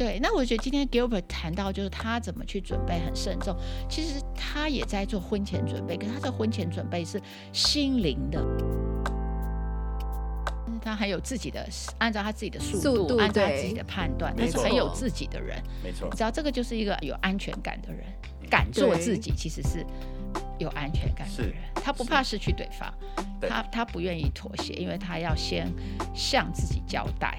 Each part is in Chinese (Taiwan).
對，那我覺得今天 Gilbert 談到就是他怎麼去準備很慎重，其實他也在做婚前準備，可是他的婚前準備是心靈的，他還有自己的按照他自己的速度，速度，對，按照他自己的判斷，他錯是很有自己的人，沒錯，你知道這個就是一個有安全感的人，敢做錯自己其實是有安全感的人，對他不怕失去對方，對，他他不願意妥協，因為他要先向自己交代。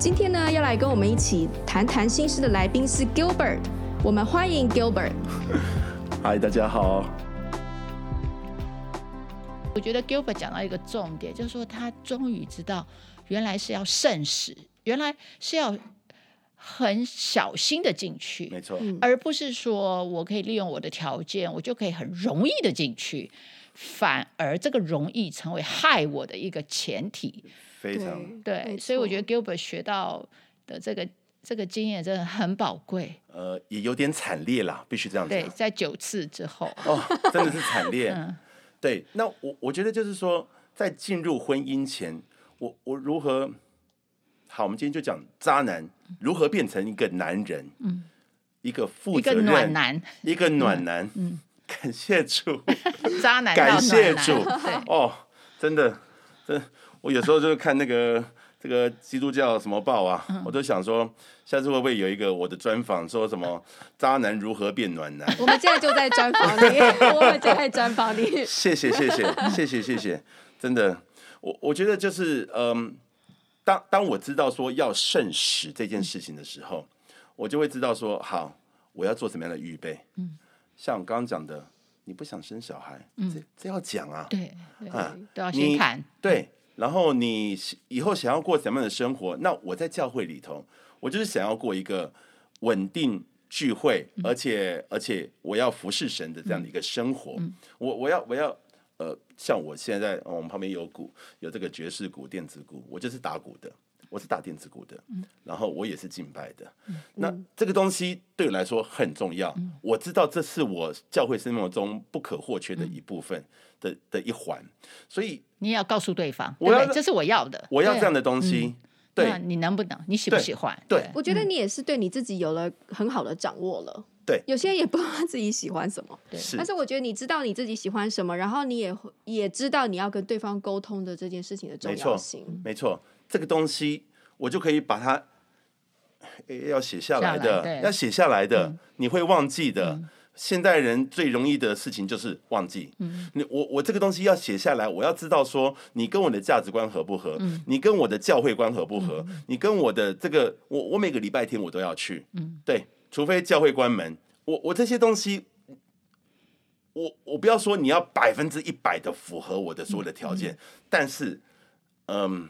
今天呢，要來跟我們一起談談心事的來賓是 Gilbert。我們歡迎 Gilbert。Hi，大家好。我覺得 Gilbert 講到一個重點，就是說他終於知道，原來是要慎始，原來是要很小心的進去，沒錯，嗯，而不是說我可以利用我的條件，我就可以很容易的進去，反而這個容易成為害我的一個前提。非常對,對，所以我覺得 Gilbert 學到的這個這個經驗真的很寶貴。呃，也有點慘烈啦，必須這樣。對，在九次之後，哦、真的是慘烈。 嗯、對，那我我覺得就是說，在進入婚姻前，我我如何？好，我們今天就講渣男如何變成一個男人。嗯，一個負責任，一個暖男，一個暖男。一個暖男嗯，嗯感謝主，渣 男,男感謝主 對哦，真的真的。我有時候就看那個這個基督教什麼報啊，嗯、我都想說下次會不會有一個我的專訪，說什麼渣男如何變暖男？我們現在就在專訪裡， 我們現在在專訪裡 謝謝。謝謝謝謝謝謝 真的，我我覺得就是嗯，當當我知道說要慎始這件事情的時候，我就會知道說好，我要做什麼樣的預備。嗯、像我剛剛講的，你不想生小孩，嗯、這這要講啊，對，對啊，都要先談，對。然後你以後想要過什麼樣的生活？那我在教會裡頭，我就是想要過一個穩定聚會，而且而且我要服侍神的這樣的一個生活。我我要我要呃，像我現在，哦，我們旁邊有鼓，有這個爵士鼓、電子鼓，我就是打鼓的。我是打電子鼓的，然後我也是敬拜的。那這個東西對我來說很重要，我知道這是我教會生活中不可或缺的一部分的的一環。所以你也要告訴對方，對，這是我要的，我要這樣的東西。對你能不能，你喜不喜歡？對我覺得你也是對你自己有了很好的掌握了。對，有些人也不知道自己喜歡什麼，對。但是我覺得你知道你自己喜歡什麼，然後你也也知道你要跟對方溝通的這件事情的重要性。沒錯。這個東西我就可以把它要寫下來的，要寫下來的，你會忘記的。嗯、現代人最容易的事情就是忘記。嗯，你我我這個東西要寫下來，我要知道說你跟我的價值觀合不合？嗯、你跟我的教會觀合不合？嗯、你跟我的這個，我我每個禮拜天我都要去。嗯，對，除非教會關門，我我這些東西，我我不要說你要百分之一百的符合我的所有的條件，嗯、但是，嗯。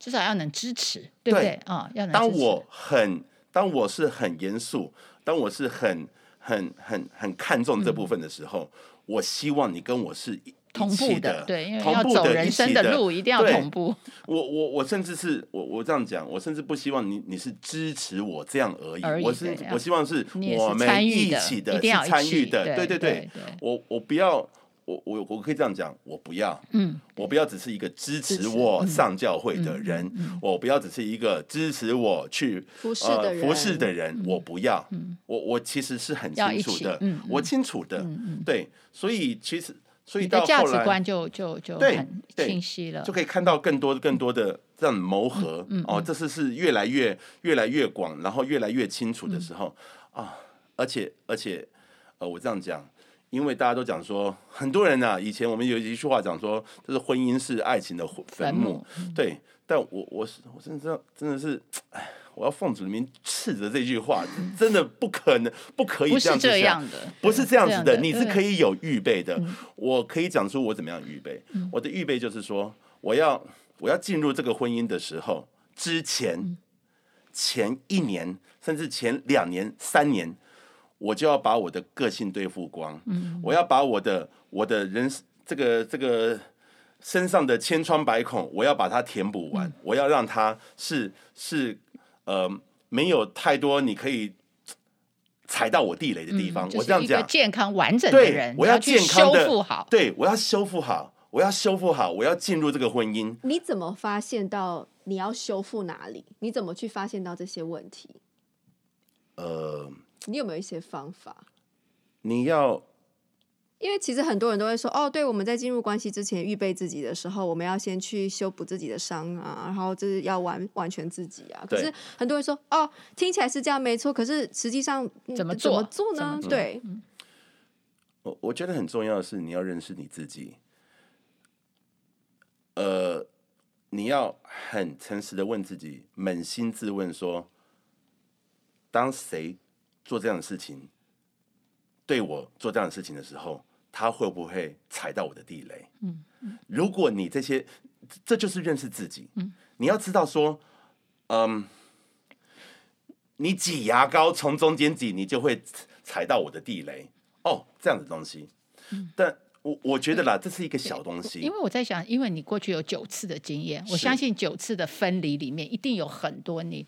至少要能支持，對啊對、哦，要能當我很當我是很嚴肅，當我是很很很很看重這部分的時候，嗯、我希望你跟我是一的同步的，對，同步的的因為要走人生的路，一定要同步。我我我甚至是我我這樣講，我甚至不希望你你是支持我這樣而已。而已我是我希望是我們一起的是參與的，對對對，對對對我我不要。我我我可以這樣講，我不要，嗯，我不要只是一個支持我上教會的人，我不要只是一個支持我去服侍的人，服侍的人我不要，我我其實是很清楚的，我清楚的，對，所以其實所以到後來對，對，就很清晰了，就可以看到更多更多的這樣磨合，哦，這次是越來越越來越廣，然後越來越清楚的時候啊，而且而且呃，我這樣講。因為大家都講說，很多人吶、啊，以前我們有一句話講說，就是婚姻是愛情的墳墓。母嗯、對，但我我是我真的知道真的是，是哎，我要奉主名斥責這句話，真的不可能，不可以這樣子這樣的，不是這樣子的，對你是可以有預備的。的我可以講出我怎麼樣預備，嗯、我的預備就是說，我要我要進入這個婚姻的時候之前，嗯、前一年甚至前兩年三年。我就要把我的個性對付光，嗯、我要把我的我的人這個這個身上的千瘡百孔，我要把它填補完，嗯、我要讓它是是呃沒有太多你可以踩到我地雷的地方，我這樣子一個健康完整的人，我，我要去修復好，對，我要修復好，我要修復好，我要進入這個婚姻。你怎麼發現到你要修復哪裡？你怎麼去發現到這些問題？呃。你有沒有一些方法？你要，因為其實很多人都會說：“哦，對，我們在進入關係之前，預備自己的時候，我們要先去修補自己的傷啊，然後就是要完完全自己啊。”可是很多人說：“哦，聽起來是這樣沒錯，可是實際上、嗯、怎麼做怎麼做呢？”怎麼做，對，我、嗯、我覺得很重要的是你要認識你自己，呃，你要很誠實的問自己，捫心自問說，當誰？做這樣的事情，對，我做這樣的事情的時候，他會不會踩到我的地雷？嗯，嗯，如果你這些，這，這就是認識自己。嗯，你要知道說，嗯，你擠牙膏從中間擠，你就會踩到我的地雷哦。Oh, 這樣的東西，嗯、但我我覺得啦，嗯、這是一個小東西，因為我在想，因為你過去有九次的經驗，是，我相信九次的分離裡面一定有很多你。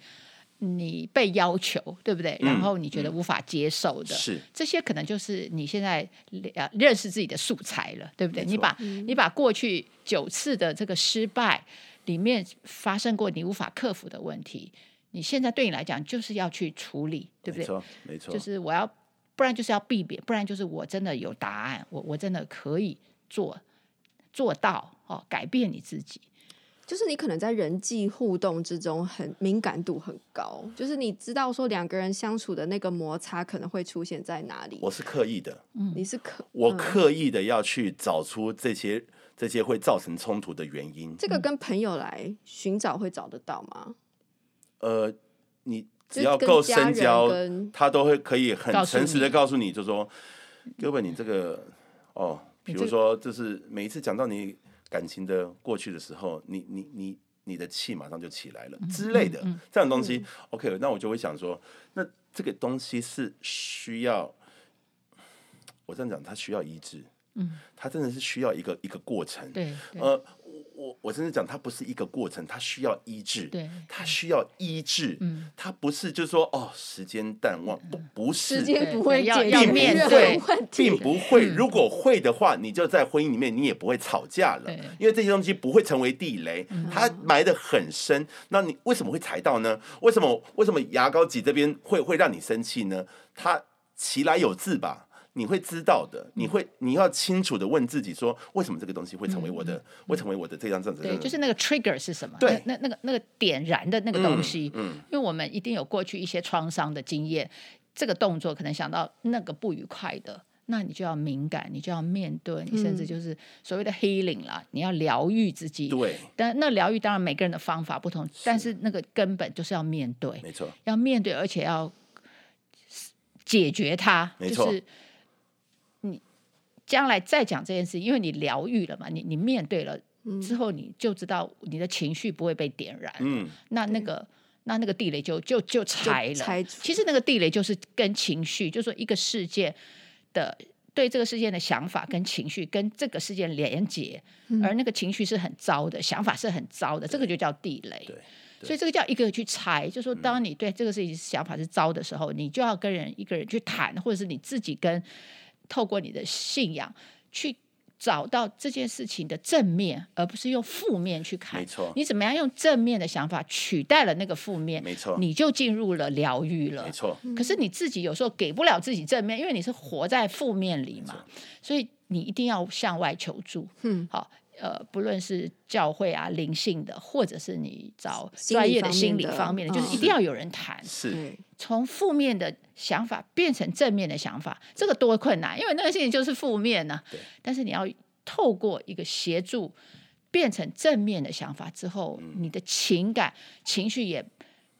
你被要求，對不對？然後你覺得無法接受的，嗯嗯、是這些可能就是你現在呃認識自己的素材了，對不對？沒錯。你把你把過去九次的這個失敗裡面發生過你無法克服的問題，你現在對你來講，就是要去處理，對不對？沒錯，沒錯，就是我要，不然就是要避免，不然就是我真的有答案，我我真的可以做做到哦，改變你自己。就是你可能在人際互動之中很敏感度很高，就是你知道說兩個人相處的那個摩擦可能會出現在哪裡？我是刻意的，嗯，你是刻、嗯、我刻意的要去找出這些這些會造成衝突的原因。嗯、這個跟朋友來尋找會找得到嗎？呃，你只要夠深交，他都會可以很誠實的告訴你，告訴你就說：哥們，你這個哦，比如說就是每一次講到你。感情的過去的時候，你你你你的氣馬上就起來了之類的，嗯嗯嗯，這樣東西對，OK，那我就會想說，那這個東西是需要，我這樣講，它需要醫治，嗯，它真的是需要一個一個過程，對，對。呃。我我真的講，它不是一個過程，它需要醫治。對，它需要醫治。嗯對，它不是就是說、嗯、哦，時間淡忘，不不是、嗯、時間不會解決，要面對，並不會，並不會。對如果會的話，你就在婚姻裡面，你也不會吵架了，對因為這些東西不會成為地雷，對它埋得很深。那你為什麼會踩到呢？為什麼為什麼牙膏擠這邊會會讓你生氣呢？它其來有自吧？你會知道的，你會你要清楚的問自己說，為什麼這個東西會成為我的，會成為我的這樣這樣子？對，就是那個 trigger 是什麼？對，那那個那個點燃的那個東西。嗯，因為我們一定有過去一些創傷的經驗，這個動作可能想到那個不愉快的，那你就要敏感，你就要面對，你甚至就是所謂的 healing 啦。你要療癒自己。對，但那療癒當然每個人的方法不同，但是那個根本就是要面對，沒錯，要面對，而且要解決它，沒錯。將來再講這件事，因為你療癒了嘛，你你面對了、嗯、之後，你就知道你的情緒不會被點燃。嗯，那那個、嗯、那那個地雷就就就拆了。猜其實那個地雷就是跟情緒，就是、說一個世界的對這個事件的想法跟情緒跟這個事件連接。嗯、而那個情緒是很糟的，想法是很糟的，對這個就叫地雷。對，對，所以這個叫一個人去拆，就是、說當你對這個事情想法是糟的時候，嗯、你就要跟人一個人去談，或者是你自己跟。透過你的信仰去找到這件事情的正面，而不是用負面去看。沒錯，你怎麼樣用正面的想法取代了那個負面？沒錯，你就進入了療癒了。沒錯。可是你自己有時候給不了自己正面，因為你是活在負面裡嘛，沒錯，所以你一定要向外求助。嗯，好，呃，不論是教會啊、靈性的，或者是你找專業的心理方面，心理方面的，哦、就是一定要有人談。是。從負面的想法變成正面的想法，這個多困難，因為那個事情就是負面呢、啊。對但是你要透過一個協助，變成正面的想法之後，你的情感情緒也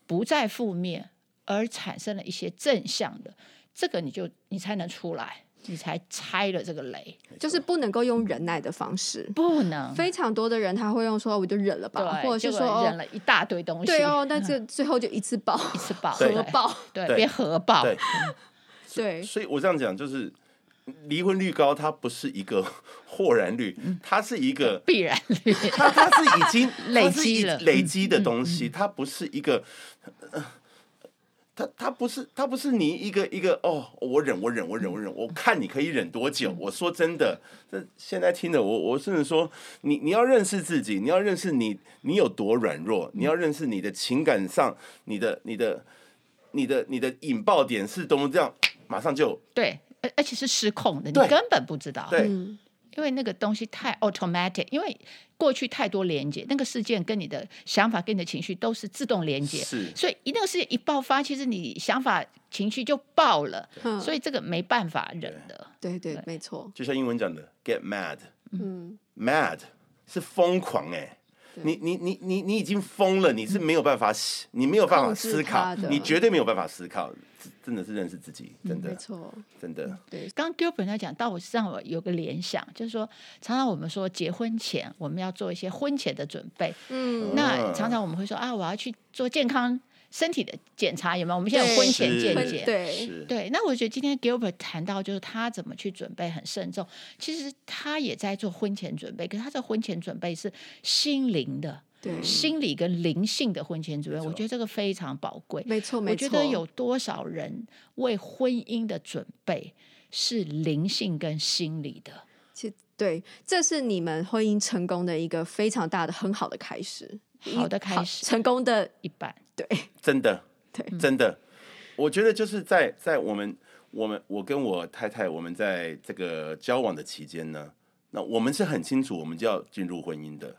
不再負面，而產生了一些正向的，這個你就你才能出來。你才拆了這個雷，就是不能夠用忍耐的方式，不能。非常多的人他會用說，我就忍了吧，或者是說忍了一大堆東西，對哦，那最後就一次爆，一次爆，核爆，對，別核爆，對。所以我這樣講，就是離婚率高，它不是一個豁然率，它是一個必然率，它它是已經累積了累積的東西，它不是一個。他他不是，他不是，你一個一個哦，我忍我忍我忍我忍，我看你可以忍多久、嗯、我說真的這，現在聽的我，我甚至說，你你要認識自己，你要認識你，你有多軟弱、嗯、你要認識你的情感上你的你的，你的，你的，你的你的引爆點是怎麼這樣馬上就對，而而且是失控的，你根本不知道對。對因為那個東西太 automatic，因為過去太多連接，那個事件跟你的想法、跟你的情緒都是自動連接，是，所以那個事件一爆發，其實你想法、情緒就爆了，嗯、所以這個沒辦法忍的，對，對對，對沒錯。就像英文講的，get mad，嗯、mad 是瘋狂哎、欸。對你你你你你已經瘋了！你是沒有辦法思，嗯、你沒有辦法思考，的你絕對沒有辦法思考，真的是認識自己,真的，嗯、沒錯真的、嗯。對，剛 Gilbert 在講到我身上，我有個聯想，就是說，常常我們說結婚前我們要做一些婚前的準備，嗯，那常常我們會說啊，我要去做健康。身體的檢查有沒有？我們現在有婚前健檢。對，是對，對。那我覺得今天 Gilbert 談到，就是他怎麼去準備很慎重，其實他也在做婚前準備，可是他的婚前準備是心靈的，對，心理跟靈性的婚前準備，對我覺得這個非常寶貴，沒錯，沒錯。沒錯，我覺得有多少人為婚姻的準備是靈性跟心理的？其實對，這是你們婚姻成功的一個非常大的很好的開始，好的開始，成功的一半。對，真的，對真的，我覺得就是在在我們我們我跟我太太，我們在這個交往的期間呢，那我們是很清楚，我們就要進入婚姻的。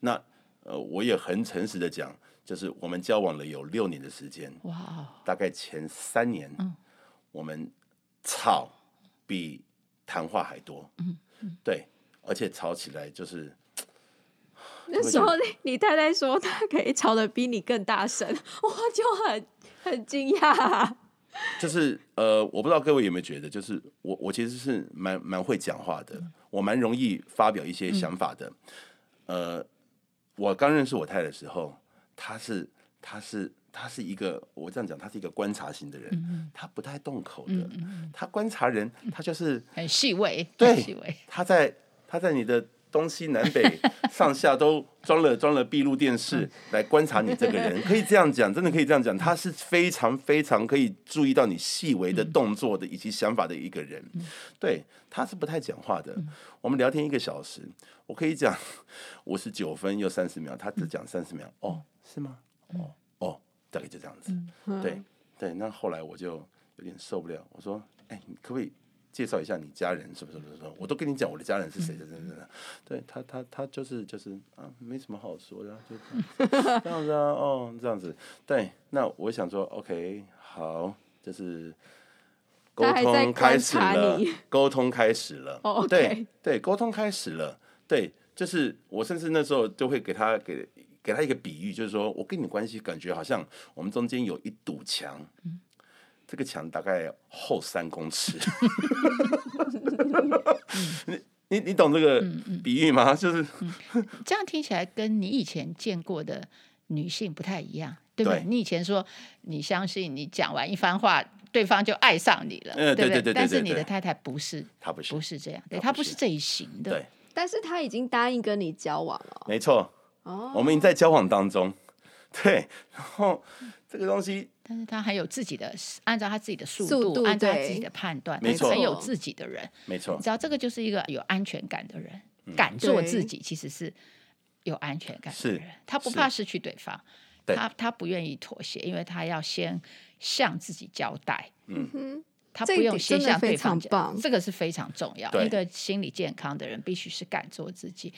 那呃，我也很誠實的講，就是我們交往了有六年的時間，哇、哦，大概前三年，嗯，我們吵比談話還多，嗯嗯，嗯對，而且吵起來就是。那時候你太太說她可以吵得比你更大聲，我就很很驚訝啊。就是呃，我不知道各位有沒有覺得，就是我我其實是蠻蠻會講話的，我蠻容易發表一些想法的。嗯、呃，我剛認識我太太的時候，她是她是她是一個，我這樣講，她是一個觀察型的人，嗯、她不太動口的，嗯嗯嗯她觀察人，她就是很細微，對，細微，她在她在你的。東西南北上下都裝了裝了閉路電視來觀察你這個人，可以這樣講，真的可以這樣講，他是非常非常可以注意到你細微的動作的以及想法的一個人。嗯、對，他是不太講話的。嗯、我們聊天一個小時，我可以講五十九分又三十秒，他只講三十秒。嗯、哦，是嗎？哦、嗯、哦，大概就這樣子。嗯、對對，那後來我就有點受不了，我說，哎，你可不可以？介紹一下你家人，什麼什麼什麼，我都跟你講我的家人是誰的，對他，他，他就是就是啊，沒什麼好說的，啊，就這樣子，這樣子啊，哦，這樣子，對，那我想說，OK，好，就是溝通開始了，溝通開始了，對對，溝通開始了，對，就是我甚至那時候就會給他給給他一個比喻，就是說我跟你關係感覺好像我們中間有一堵牆，這個牆大概厚三公尺， 你你懂這個比喻嗎？就是、嗯嗯嗯、這樣聽起來跟你以前見過的女性不太一樣，對不對？你以前說你相信你講完一番話，對方就愛上你了，嗯、對，對對對。但是你的太太不是，她，不是，不是這樣，他對她不是這一型的，對。對，但是她已經答應跟你交往了。哦，沒錯，哦、我們已經在交往當中，對。然後這個東西。但是他還有自己的，按照他自己的速度，速度按照他自己的判斷，錯他是很有自己的人。沒錯，你知道這個就是一個有安全感的人，敢做錯自己，其實是有安全感的人。嗯、他不怕失去對方，是他，對他，他不願意妥協，因為他要先向自己交代。嗯哼。嗯他不用先講非常棒，這個是非常重要。對一個心理健康的人，必須是敢做自己，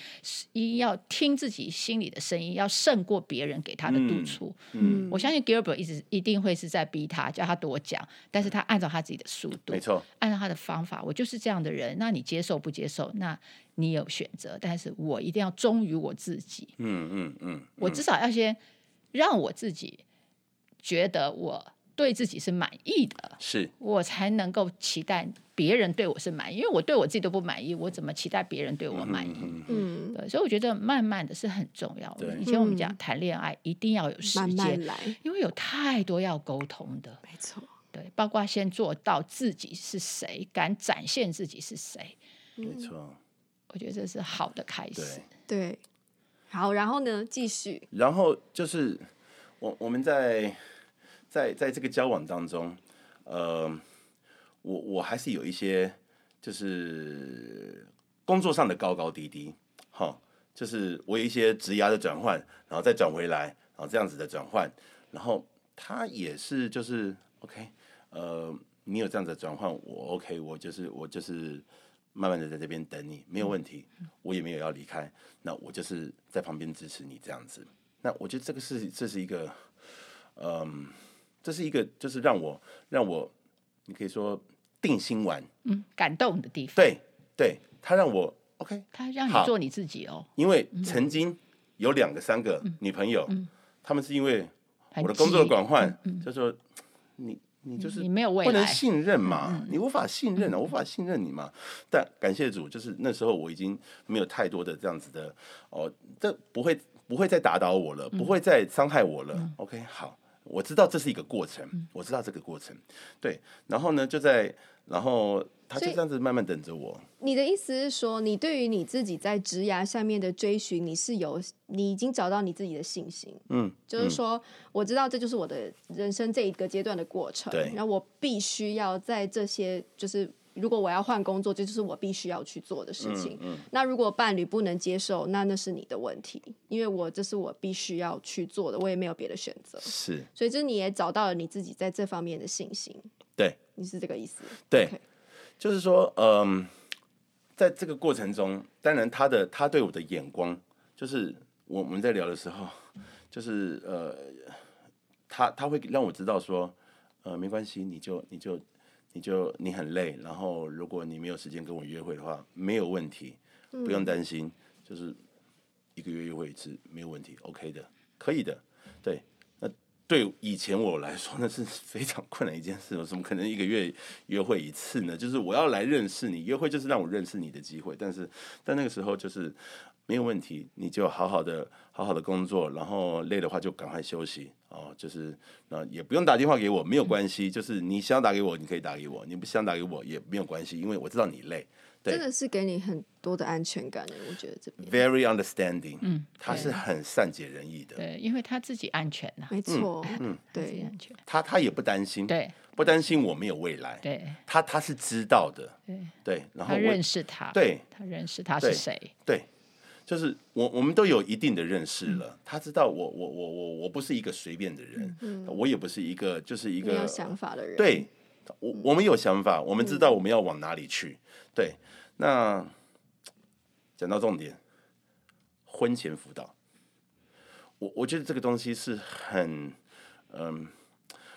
一要聽自己心裡的聲音，要勝過別人給他的督促。嗯，嗯我相信 Gilbert 一直一定會是在逼他，叫他多講，但是他按照他自己的速度，嗯、沒錯，按照他的方法。我就是這樣的人，那你接受不接受？那你有選擇，但是我一定要忠於我自己。嗯嗯嗯，嗯嗯嗯我至少要先讓我自己覺得我對自己是滿意的，是我才能夠期待別人對我是滿意，因為我對我自己都不滿意，我怎麼期待別人對我滿意？嗯，哼哼哼嗯，對，所以我覺得慢慢的是很重要的。對以前我們講談戀愛一定要有時間、嗯、慢慢來，因為有太多要溝通的，沒錯錯，對，包括先做到自己是誰，敢展現自己是誰，沒錯、嗯，對我覺得這是好的開始。對，對，好，然後呢？繼續。然後就是我我們在。嗯在在這個交往當中，呃，我我還是有一些，就是工作上的高高低低，哈，就是我有一些職涯的轉換，然後再轉回來，然後這樣子的轉換，然後他也是就是 OK，呃，你有這樣子的轉換，我 OK，我就是我就是慢慢的在這邊等你，沒有問題，我也沒有要離開，那我就是在旁邊支持你這樣子，那我覺得這個是這是一個，嗯、呃。這是一個，就是讓我讓我，你可以說定心丸，嗯，感動的地方。對對，他讓我 OK，他讓你做你自己哦。因為曾經有兩個三個女朋友，他們是因為我的工作的轉換，就說你你就是你沒有未來，不能信任嘛，你無法信任啊，無法信任你嘛。但感謝主，就是那時候我已經沒有太多的這樣子的哦，這不會不會再打倒我了，不會再傷害我了。OK，好。我知道這是一個過程，嗯、我知道這個過程，對。然後呢，就在然後他就這樣子慢慢等着我。你的意思是說，你對於你自己在職涯下面的追尋，你是有你已經找到你自己的信心，嗯，就是說，嗯、我知道這就是我的人生這一個階段的過程，對。然後我必須要在這些就是。如果我要換工作，這就，就是我必須要去做的事情。嗯嗯、那如果伴侶不能接受，那那是你的問題，因為我這是我必須要去做的，我也沒有別的選擇。是，所以這你也找到了你自己在這方面的信心。對，你是這個意思？對，Okay 就是說，嗯、呃，在這個過程中，當然他的他對我的眼光，就是我們在聊的時候，就是呃，他他會讓我知道說，呃，沒關係，你就你就。你就你很累，然後如果你沒有時間跟我約會的話，沒有問題，不用擔心，嗯、就是一個月約會一次沒有問題，OK 的，可以的，對。那對以前我來說，那是非常困難一件事，我怎麼可能一個月約會一次呢？就是我要來認識你，約會就是讓我認識你的機會。但是，在那個時候，就是。沒有問題，你就好好的、好好的工作，然後累的話就趕快休息哦。就是那也不用打電話給我，沒有關係。就是你想打給我，你可以打給我，你不想打給我也沒有關係，因為我知道你累。對，真的是給你很多的安全感，我覺得這邊。Very understanding，嗯，他是很善解人意的。對，因為他自己安全啊，沒錯，嗯，對，安全。他他也不擔心，對，不擔心我沒有未來，對，他他是知道的，對對。然後他認識他，對，他認識他是誰，對。就是我，我們都有一定的認識了。嗯、他知道我，我，我，我，我不是一個隨便的人，嗯、我也不是一個，就是一個有想法的人。對，我我們有想法，我們知道我們要往哪裡去。嗯、對，那講到重點，婚前輔導，我我覺得這個東西是很，嗯，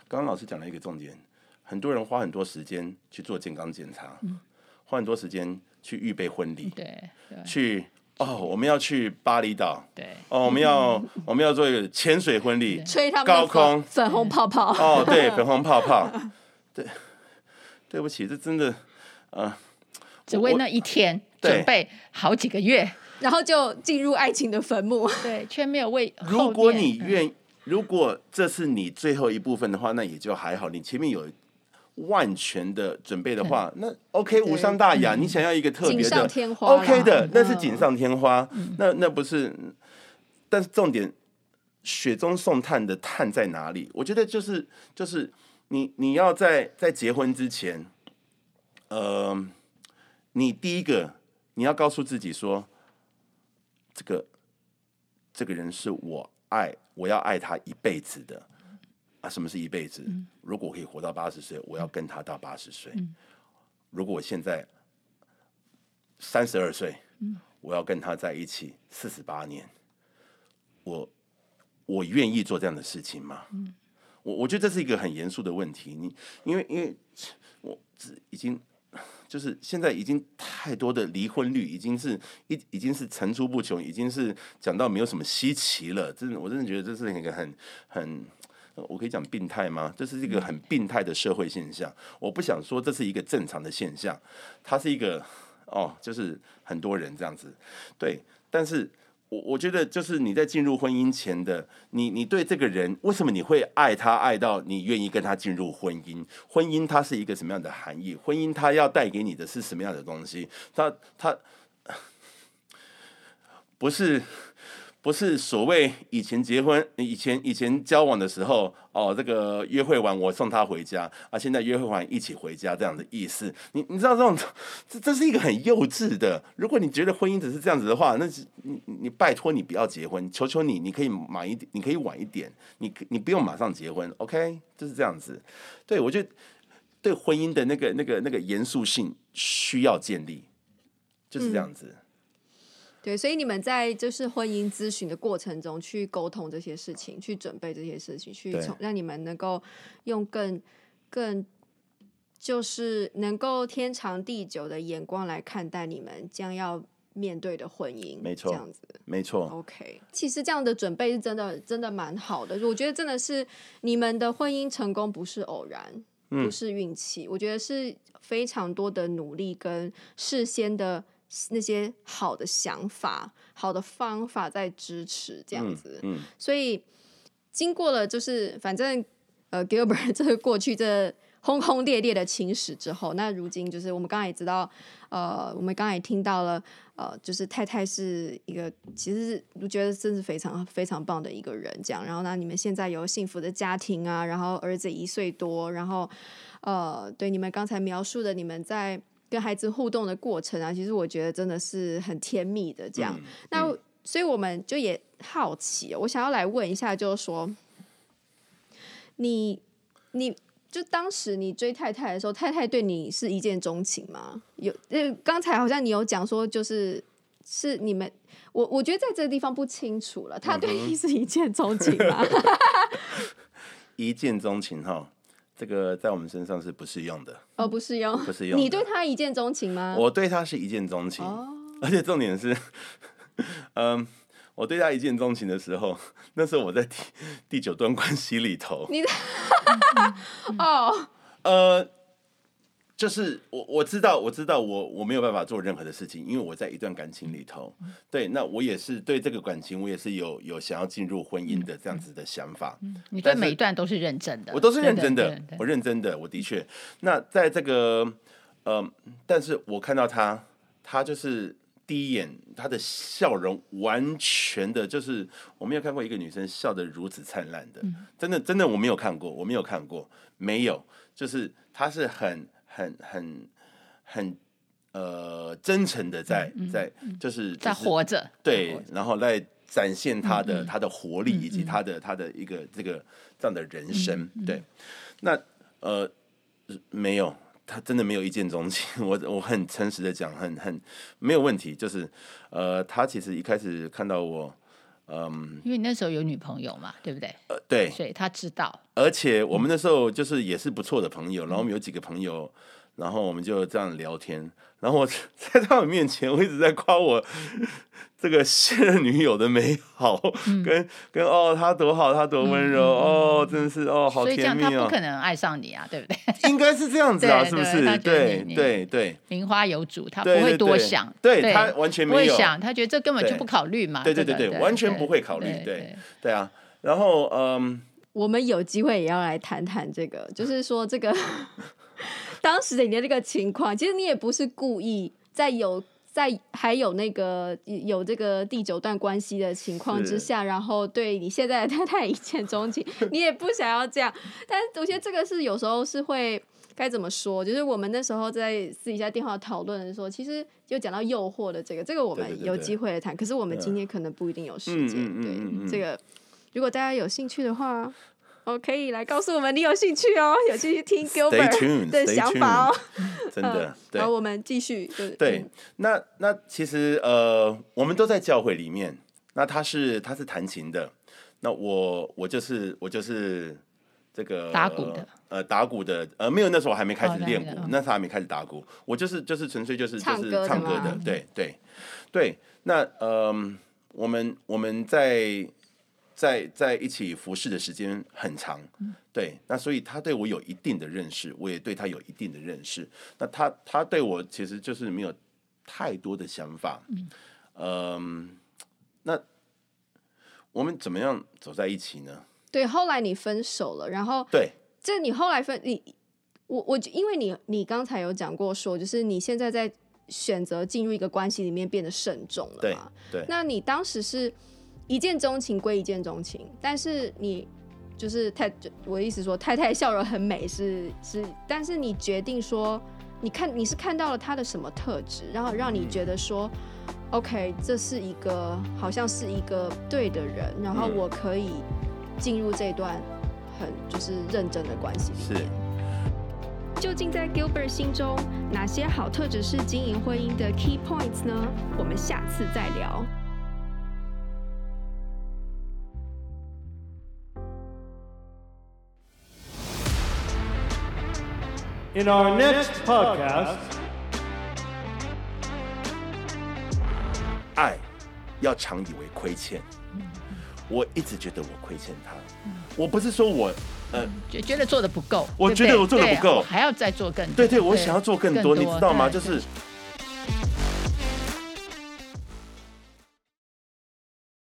剛剛老師講了一個重點，很多人花很多時間去做健康檢查，嗯、花很多時間去預備婚禮，嗯、對，對去。哦，我們要去巴厘島，對，哦，我們要我們要做一個潛水婚禮，吹他們高空粉紅泡泡，哦，對，粉紅泡泡，對，對不起，這真的，只為那一天準備好幾個月，然後就進入愛情的墳墓，對，卻沒有為，如果你願，如果這是你最後一部分的話，那也就還好，你前面有。萬全的準備的話，嗯、那 OK 對無傷大雅。嗯、你想要一個特別的，錦上添花、啊、，OK 的，那是錦上添花。呃、那那不是，但是重點，雪中送炭的炭在哪裡？我覺得就是就是你你要在在結婚之前，呃、你第一個你要告訴自己說，這個這個人是我愛，我要愛他一輩子的。啊，什麼是一輩子？如果我可以活到八十歲，嗯、我要跟他到八十歲。嗯、如果我現在三十二歲，嗯、我要跟他在一起四十八年，我我願意做這樣的事情嗎？嗯、我我覺得這是一個很嚴肅的問題。你因為因為，因為我已經就是現在已經太多的離婚率，已經是一已經是層出不窮，已經是講到沒有什麼稀奇了。真的我真的覺得這是一個很很。我可以講病態嗎？這是一個很病態的社會現象。我不想說這是一個正常的現象，它是一個哦，就是很多人這樣子。對，但是我我覺得，就是你在進入婚姻前的你，你對這個人，為什麼你會愛他？愛到你願意跟他進入婚姻？婚姻它是一個什麼樣的含義？婚姻它要帶給你的是什麼樣的東西？它它不是。不是所謂以前結婚，以前以前交往的時候，哦，這個約會完我送他回家啊，現在約會完一起回家這樣的意思。你你知道這種，這這是一個很幼稚的。如果你覺得婚姻只是這樣子的話，那是你你拜託你不要結婚，你求求你，你可以晚一，你可以晚一點，你可以晚一點，你你不用馬上結婚，OK，就是這樣子。對我覺得對婚姻的那個那個那個嚴肅性需要建立，就是這樣子。嗯對，所以你們在就是婚姻諮詢的過程中，去溝通這些事情，去準備這些事情，去從對讓你們能夠用更更就是能夠天長地久的眼光來看待你們將要面對的婚姻。沒錯，這樣子，沒錯。OK，其實這樣的準備是真的，真的蠻好的。我覺得真的是你們的婚姻成功不是偶然，嗯、不是運氣，我覺得是非常多的努力跟事先的。那些好的想法、好的方法在支持這樣子，嗯嗯，所以經過了就是反正呃，Gilbert 這過去這轟轟烈烈的情史之後，那如今就是我們剛才也知道，呃，我們剛才也聽到了，呃，就是太太是一個，其實是我覺得真是非常非常棒的一個人，這樣。然後呢，你們現在有幸福的家庭啊，然後兒子一歲多，然後呃，對你們剛才描述的你們在。跟孩子互動的過程啊，其實我覺得真的是很甜蜜的。這樣，嗯、那、嗯、所以我們就也好奇，我想要來問一下，就是說你，你就當時你追太太的時候，太太對你是一見鍾情嗎？有，那剛才好像你有講說，就是是你們，我我覺得在這個地方不清楚了，他對你是一見鍾情嗎？嗯、哼 一見鍾情哈、哦。這個在我們身上是不適用的哦，不適用，不適用。你對他一見鍾情嗎？我對他是一見鍾情，哦，而且重點是，嗯，我對他一見鍾情的時候，那時候我在第第九段關係裡頭，你，哦，呃。就是我我知道我知道我我沒有辦法做任何的事情，因為我在一段感情裡頭，對，那我也是對這個感情，我也是有有想要進入婚姻的這樣子的想法。你對每一段都是認真的，我都是認真的，我認真的，我的確。那在這個，嗯，但是我看到他，他就是第一眼，他的笑容完全的就是我沒有看過一個女生笑得如此燦爛的，真的真的我沒有看過，我沒有看過，沒有，就是他是很。很很很呃真誠的在在、嗯、就是在活着，對，在活着，然後來展現他的、嗯、他的活力以及他的、嗯、他的一個、嗯、這個這樣的人生、嗯、對，那呃沒有他真的沒有一見鍾情，我我很誠實的講很很沒有問題，就是呃他其實一開始看到我。嗯，因為你那時候有女朋友嘛，對不對？呃，對，所以他知道。而且我們那時候就是也是不錯的朋友，嗯、然後我們有幾個朋友，然後我們就這樣聊天，然後我在他們面前我一直在誇我。嗯 這個現任女友的美好，跟跟哦，他多好，他多溫柔，哦，真的是哦，好甜蜜啊！所以這樣他不可能愛上你啊，對不對？應該是這樣子啊，是不是？對對對，名花有主，他不會多想，對他完全沒有想，他覺得這根本就不考慮嘛。對對對對，完全不會考慮。對對啊，然後嗯，我們有機會也要來談談這個，就是說這個當時的你的那個情況，其實你也不是故意在有。在還有那個有這個第九段關係的情況之下，的然後對你現在的太太一見鍾情， 你也不想要這樣。但是我覺得這個是有時候是會該怎麼說？就是我們那時候在私底下電話討論的時候，其實就講到誘惑的這個，這個我們有機會來談。對對對對，可是我們今天可能不一定有時間。Yeah. 對，嗯嗯嗯嗯嗯，這個，如果大家有興趣的話。哦，可以、okay, 來告訴我們，你有興趣哦、喔，有興趣聽 Gilbert 的小寶、喔，Stay tuned, Stay tuned 真的。好，我們繼續。對，那那其實呃，我們都在教會裡面。那他是他是彈琴的，那我我就是我就是這個打鼓的，呃，打鼓的，呃，沒有那時候我還沒開始練鼓，oh, that's right. 那時候還沒開始打鼓，我就是就是純粹就是就是唱歌的對，對對對。那呃，我們我們在。在在一起服侍的時間很長，對，那所以他對我有一定的認識，我也對他有一定的認識。那他他對我其實就是沒有太多的想法。嗯、呃，那我們怎麼樣走在一起呢？對，後來你分手了，然後對，這你後來分你我我，就因為你你剛才有講過說，就是你現在在選擇進入一個關係裡面變得慎重了嘛？對，那你當時是。一見鍾情歸一見鍾情，但是你就是太，我的意思說太太笑容，很美是是，但是你決定說，你看你是看到了他的什麼特質，然後讓你覺得說，嗯，OK，這是一個好像是一個對的人，然後我可以進入這段很，就是認真的關係裡面。是究竟在 Gilbert 心中哪些好特質是經營婚姻的 key points 呢？我們下次再聊。In our next podcast，愛要常以為虧欠。我一直覺得我虧欠他，我不是說我，呃，覺得做的不夠。我覺得我做的不夠，對對還要再做更多。對對，我想要做更多，對你知道嗎？就是。